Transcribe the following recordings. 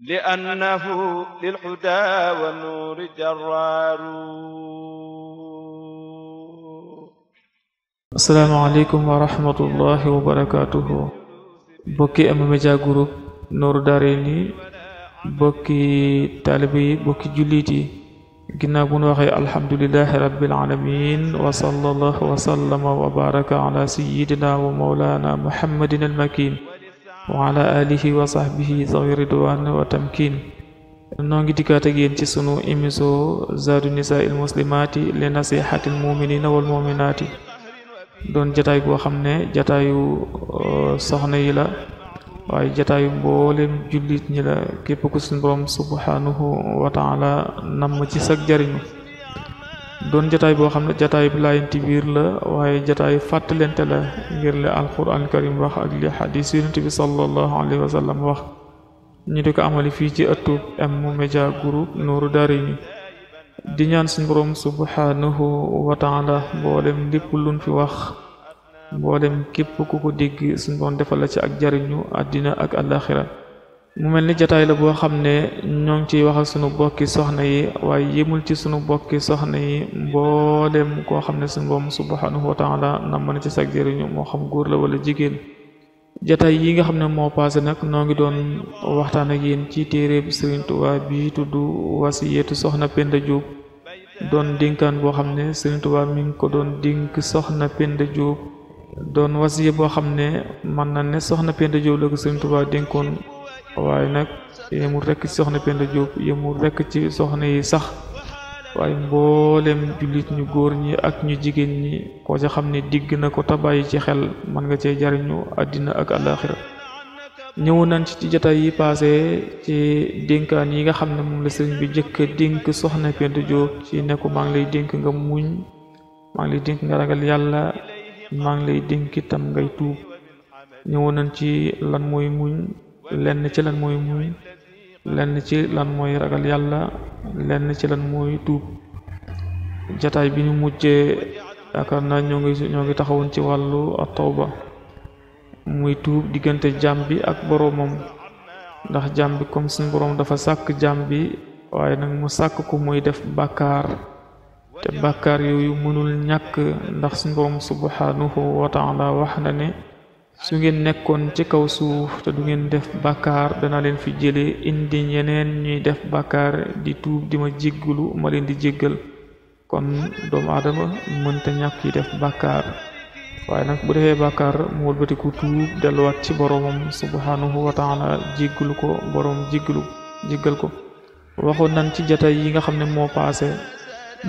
لأنه للحدى والنور جرار asalaamaaleykum wa rahmatullahi wa barakaatuhu bokki am média groupe Nour Darayni bokki taalibe yi bokki jullit yi ginnaaw bu ñu waxee alhamdulilahi rabbil alamin wa sallallahu wa sallama wa baraka ala sayyidina wa mawlana muhammadin al makin waa ala alihi wa sahbihi zawi ridwan wa tamkin noo ngi dikkaat ak ci sunu émission zaadu nisaa il muslimaati li nasihati l muminina wal muminaati doon jataay boo xam ne jataayu euh, soxna yi la waaye jataayu mboolem jullit ñi la képp ku suñu borom subhanahu wa taala namm ci sag jariñu doon jataay boo xam ne jataay bu laayanti biir la waaye jataay fàttalente la ngir li alquran karim wax ak li xadis yonent bi sallallahu alayhi wa sallam wax ñu di ko amali fii ci ëttub M Media Group Nourou Darayni di ñaan suñu borom subhanahu wa taala mboolem lépp lun fi wax mboolem képp ku ko dégg suñ borom defal la ci ak jariñu àddina ak àllaaxira mu mel ni jataay la boo xam ne ñoo ngi ciy wax ak sunu bokki soxna yi waaye yemul ci sunu bokki soxna yi mboolem koo xam ne sunu boom subhanahu wa taala na ci sag moo xam góor la wala jigéen jotaay yi nga xam ne moo passé nag noo ngi doon waxtaan ak yéen ci téere bi Serigne Touba bi tudd soxna Penda Diop doon dénkaan boo xam ne Serigne Touba mi ngi ko doon dénk soxna Penda Diop doon wasiye boo xam ne mën na ne soxna Penda Diop la ko Serigne Touba dénkoon waaye nag yemul rekk ci soxna Penda Diop yemul rekk ci soxna yi sax waaye mboolem jullit ñu góor ñi ak ñu jigéen ñi koo ca xam ne digg na ko tabàyyi ci xel mën nga cee jariñu àddina ak àllaaxira ñëw nañ ci ci yi passé ci dénkaan yi nga xam ne moom la sëriñ bi jëkk a dénk soxna Penda Diop ci ne maa ngi lay dénk nga muñ maa ngi lay dénk nga ragal yàlla maa ngi lay dénk itam ngay tuub ñëw nañ ci lan mooy muñ lenn ci lan mooy muñ lenn ci lan mooy ragal yàlla lenn ci lan mooy tuub jataay bi ñu mujjee yaakaar naa ñoo ngi taxawoon ci wàllu ak tawba muy tuub diggante jaam bi ak boroomam ndax jaam bi comme suñu boroom dafa sàkk jaam bi waaye nag mu sàkk ko muy def bàkkaar te bàkkaar yooyu mënul ñàkk ndax suñu boroom subhanahu wa taala wax na ne su ngeen nekkoon ci kaw suuf te du ngeen def bàkkaar dana leen fi jële indi ñeneen ñuy def bàkkaar di tuub di ma jéggulu ma leen di jéggal kon doomu aadama mënta ñàkk yi def bàkkaar waaye nag bu defee bàkkaar mu wëlbatiku tuub delluwaat ci boromam subhanahu wa taala ko boroom jéggalu jéggal ko waxoon nañ ci jataay yi nga xam ne moo paase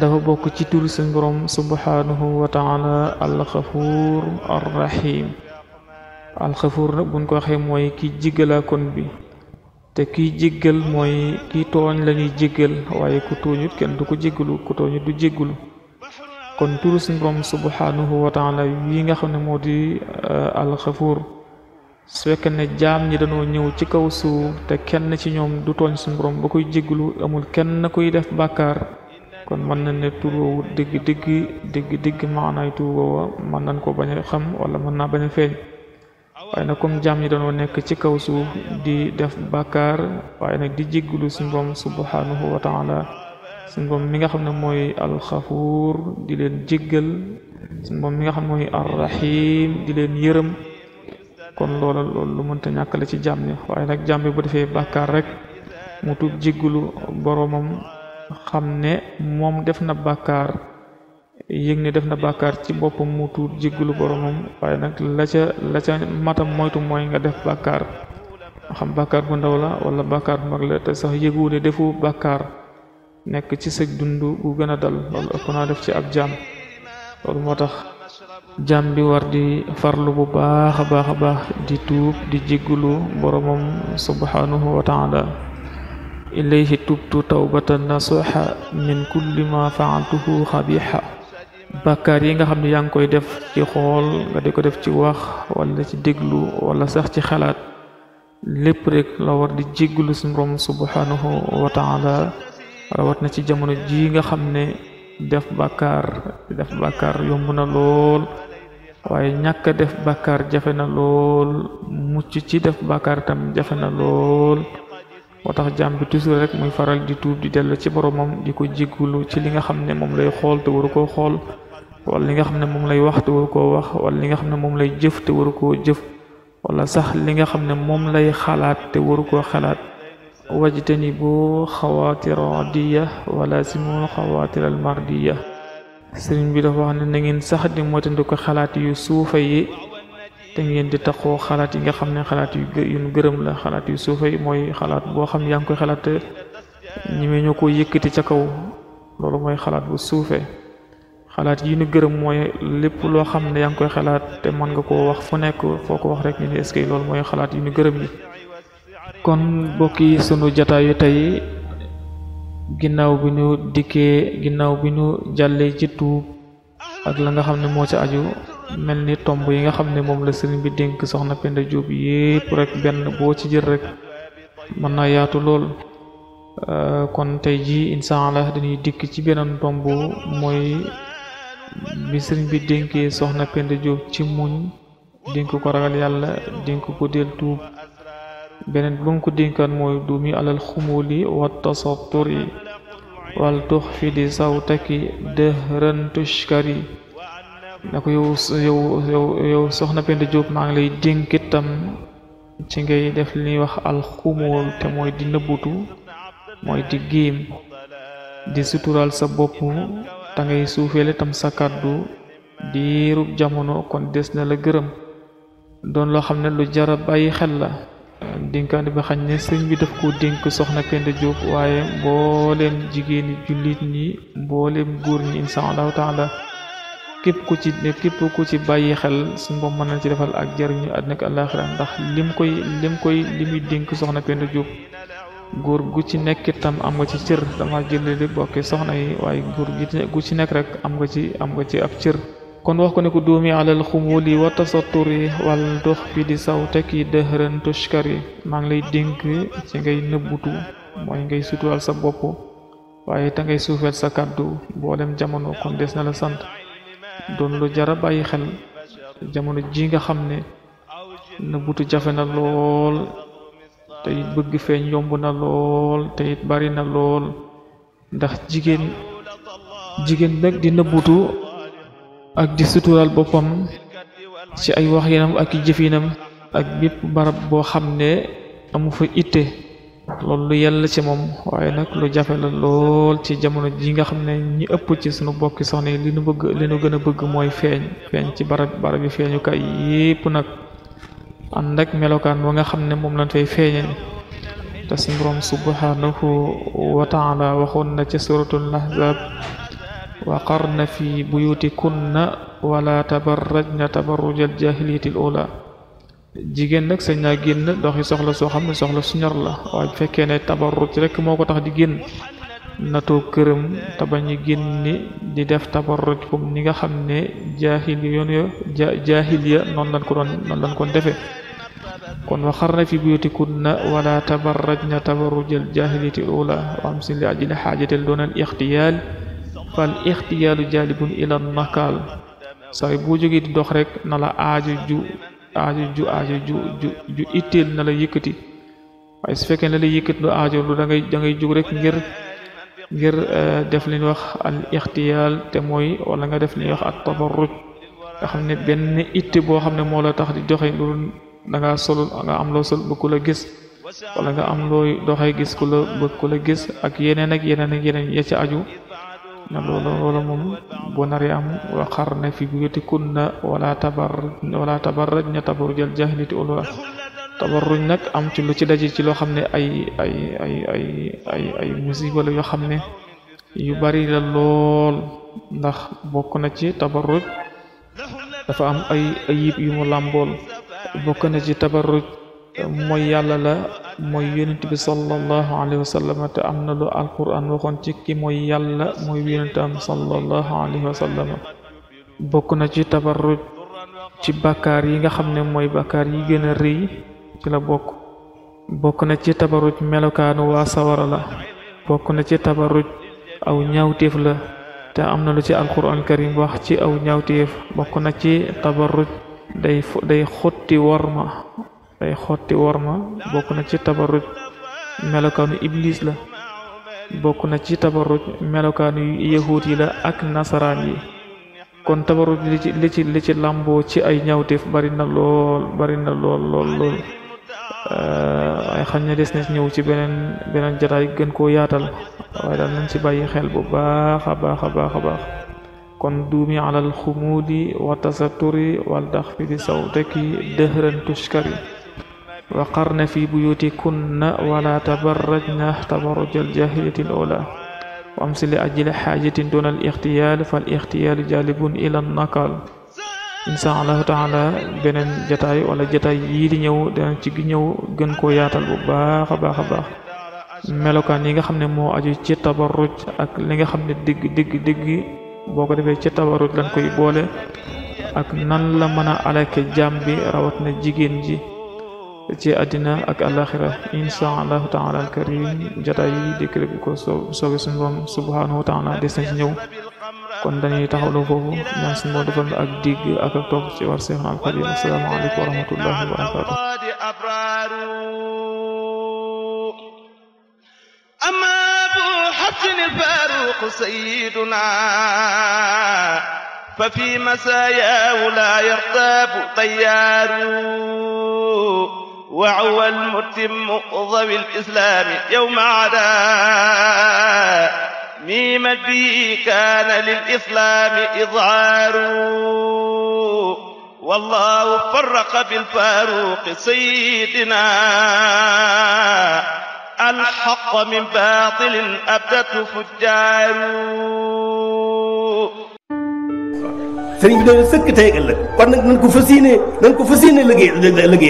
dafa bokk ci turi suñ borom subhanahu wa taala alxafuur arrahim alxafuur nag buñ ko waxee mooy kiy jiggalaa kon bi te kiy jiggal mooy kiy tooñ lañuy jéggal waaye ku tooñut kenn du ko jéggalu ku tooñut du jéggalu kon turu suñ borom subhanahu wa taala yi nga xam ne moo di uh, alxafuur su fekkee ne jaam ñi dañoo ñëw ci kaw suuf te kenn ci ñoom du tooñ suñ borom ba koy jéggalu amul kenn kuy def bàkkaar kon mën nañ ne tur woowu dëgg dëgg dëgg maanaay tur woowa mën nañ ko bañ a xam wala mën naa bañ a feeñ waaye nag comme jaam ñi dañoo nekk ci kaw suuf di def bàkkaar waaye nag di jéggulu suñ borom subhanahu wa taala si borom mi nga xam ne mooy alxafuur di leen jéggal suñ borom mi nga xam ne mooy arrahim di leen yërëm kon loola loolu lu mënta ñàkk la ci jaam ñi waaye nag jaam bi bu defee bàkkaar rek mu tuub jéggulu boromam xam ne moom def na bàkkaar yëg ne def na bàkkaar ci boppam mu tuub jéggalu boromam waaye nag la ca la matam moytu mooy nga def bàkkaar xam bàkkaar bu ndaw la wala bàkkaar bu mag la te sax yëgu ne defu bàkkaar nekk ci sëg dund bu gën a dal loolu ëpp naa def ci ab jaam loolu moo tax jaam bi war di farlu bu baax a baax a baax di tuub di jéggalu boromam subhanahu wa taala ilayhi tubtu tawbatan nasuha min kulli ma faaltuhu xabiha bàkkaar yi nga xam ne yaa ngi koy def ci xool nga di ko def ci wax wala ci déglu wala sax ci xalaat lépp rek la war di jéggalu suñu borom subhanahu wa taala rawat na ci jamono ji nga xam ne def bàkkaar def bàkkaar yomb na lool waaye ñàkk def bàkkaar jafe na lool mucc ci def bàkkaar tam jafe na lool moo tax jàmm bi toujours rek muy faral di tuub di dellu ci boromam di ko jéggulu ci li nga xam ne moom lay xool te waru koo xool wala li nga xam ne moom lay wax te waru koo wax wala li xam ne moom lay jëf te waru koo jëf wala sax li nga xam ne moom lay xalaat te waru ko xalaat wajtani boo xawaatira diya wala simul xawaatira almardiya sëriñ bi dafa wax ne na sax di moytandiku xalaat yu suufa yi te ngeen di taxoo xalaat yi nga xam ne xalaat yu yu nu gërëm la xalaat yu suufay mooy xalaat boo xam ne yaa ngi koy xalaat ñi ko yëkkati ca kaw loolu mooy xalaat bu suufee xalaat yi nu gërëm mooy lépp loo xam ne yaa ngi koy xalaat te mën nga koo wax fu nekk foo ko wax rek ñu ne est loolu mooy xalaat yi nu gërëm yi kon mbokk yi sunu jataayu tey ginnaaw bi ñu dikkee ginnaaw bi ñu jàllee ci tuub ak la nga xam ne moo ci ajo mel ni tomb yi nga xam ne moom la sëriñ bi dénk soxna Penda Diop yépp rek benn boo ci jël rek mën na yaatu lool euh, kon tey jii insha la dañuy dikk ci beneen tomb mooy bi sëriñ bi dénkee soxna Penda Diop ci muñ dénk ko ragal yàlla dénk ko del tuub beneen bu mu ko dénkaan mooy duumi alal xumuli wa tasaturi wal tux fi di sawtaki dëhran tushkari ne ko yow yow yow soxna Penda Diop maa ngi lay dénk dénkitam ci ngay def luy wax alxumool te mooy di nëbbutu mooy di géem di suturaal sa bopp te ngay suufeele tam sa kàddu diirub jamono kon des na la gërëm doon loo xam ne lu jara bàyyi xel la dénkaane bi xañ ne sëñ bi daf koo dénk soxna Penda Diop waaye mbooleem jigéeni jullit ñi mbooleem góor ñi insha allahu taala képp ku ci képp ku ci bàyyi xel su bopp mën na ci defal ak jariñu àddina ak àllaaxira ndax lim koy lim koy li dénk soxna Penda Diop góor gu ci nekk itam am nga ci cër dama jële di bokke soxna yi waaye góor gu ci nekk rek am nga ci am nga ci ab cër kon wax ko ne ko duumi alal xumuli wa tasatturi wal dox bi di saw tekki dëhëran tushkar yi maa ngi lay dénk ci ngay nëbbutu mooy ngay sutural sa bopp waaye te ngay suufeel sa kàddu boolem jamono kon des na la sant doon lu jara bàyyi xel jamono ji nga xam ne na butu jafe na lool te it bëgg feeñ yomb na lool te it bari na lool ndax jigéen jigéen nag di nëbbutu ak di suturaal boppam ci ay wax yenam ak i jëfinam ak bépp barab boo xam ne amu fa ite loolu lu yell ci moom waaye nag lu jafe la lool ci jamono ji nga xam ne ñi ëpp ci suñu bokki soxna yi li nu bëgg li gën a bëgg mooy feeñ feeñ ci barab barab yi feeñukaay yépp nag ànd ak melokaan ba nga xam ne moom lañ fay feeñee te suñ boroom subhanahu wa taala waxoon na ci suratul ahzab wa qarna fi buyutikunna wala tabarrajna tabarrujal jahiliyatil ula jigéen nag sañ naa génn doxi soxla soo xam ne soxla su ñor la waaye bu fekkee ne tabarruj rek moo ko tax di génn na toog këram te bañ a génn di def tabarruj comme ni nga xam ne jaahil yoon yo jaahiliya noonu lañ ko doon noonu lañ ko defee kon waxarna fi buyutikunna wala na tabarrujal jaahiliyati ula wa am sin li ajli xaajatel doonal ixtiyaal fal ixtiyaalu jaalibun ila nakaal saa boo jógee dox rek na la aajo aajo ju ajo ju ju ju itteel na la yëkkati waaye su fekkee ne la yëkkati lu ajo lu da ngay da ngay rek ngir ngir eh, def li wax al ixtiyaal te mooy wala nga def li ñuy wax at tabarruj nga xam ne benn itte boo xam ne moo la tax di joxe loolu da sol nga am loo sol bëgg ku la gis wala nga am looy doxee gis ku la bëgg ku la gis ak yeneen ak yeneen ak yeneen ya aju na loolu loolu moom bu naree am wa qarna fi buyutikunna wala tabar wala tabarrajna tabarrujal jahlati ula tabarruj nag am ci lu ci daje ci loo xam ne ay ay ay ay yoo xam ne yu bari la lool ndax bokk na ci tabarruj dafa am ay ayib yu mu làmbool bokk na ci tabarruj mooy yàlla la mooy yonent bi sallallahu alayhi wa te am na lu alquran waxoon ci ki mooy yàlla mooy yonentam sallallahu alayhi wa sallam bokk na ci tabarruj ci bakkaar yi nga xam ne mooy bakkaar yi gën a rëy ci la bokk bokk na ci tabaruj melokaanu waa sawara bokk na ci tabaruj aw ñawteef la te am na lu ci alquran karim wax ci aw ñaawteef bokk na ci tabarruj day day xotti war day xotti worma bokk na ci tabarruj melokaanu iblis la bokk na ci tabarruj melokaanu yahuud yi la ak nasaraan yi kon tabarruj li ci li ci li ci làmboo ci ay ñawteef bari na lool bari na lool lool lool ay xam ne des na ñëw ci beneen beneen jataay gën koo yaatal waaye daal nañ ci bàyyi xel bu baax a baax a baax a baax kon duumi alal xumuudi wa tasaturi wal dax fi di sawtaki dëhran tushkari waqarna fi buyutikunna wala tabarrajna tabarrujal jaahiliyatil uulaa wa si li ajli xaajatin doonal ixtiyaal fal ixtiyaal jaalibun la nakaal insha allahu taala beneen jataay wala jataay yii di ñëw dana ci ñëw gën koo yaatal bu baax a baax a baax melokaan yi nga xam ne moo aju ci tabarruj ak li nga xam ne digg digg digg boo ko defee ci tabarruj lañ koy boole ak nan la mën a alake jaam bi rawat na jigéen ji ci àddina ak alaxira insha allahu taala al karim jataay yi dikkale bu ko soo soobee suñu borom subhanahu wa taala des na ci ñëw kon dañuy taxawloo foofu ñaan suñu borom defal ak digg ak ak topp ci war seexna al xadim assalaamu aleykum wa rahmatullahi wa barakaatu ففي مساياه لا يرتاب وهو المتم ذوي الإسلام يوم عدا ميم بي كان للإسلام إظهار والله فرق بالفاروق سيدنا الحق من باطل أبدته فجار sëriñ bi de sëkk tey ëllëg kon nag nañ ko fas yéene nañ ko fas yéene liggéey liggéey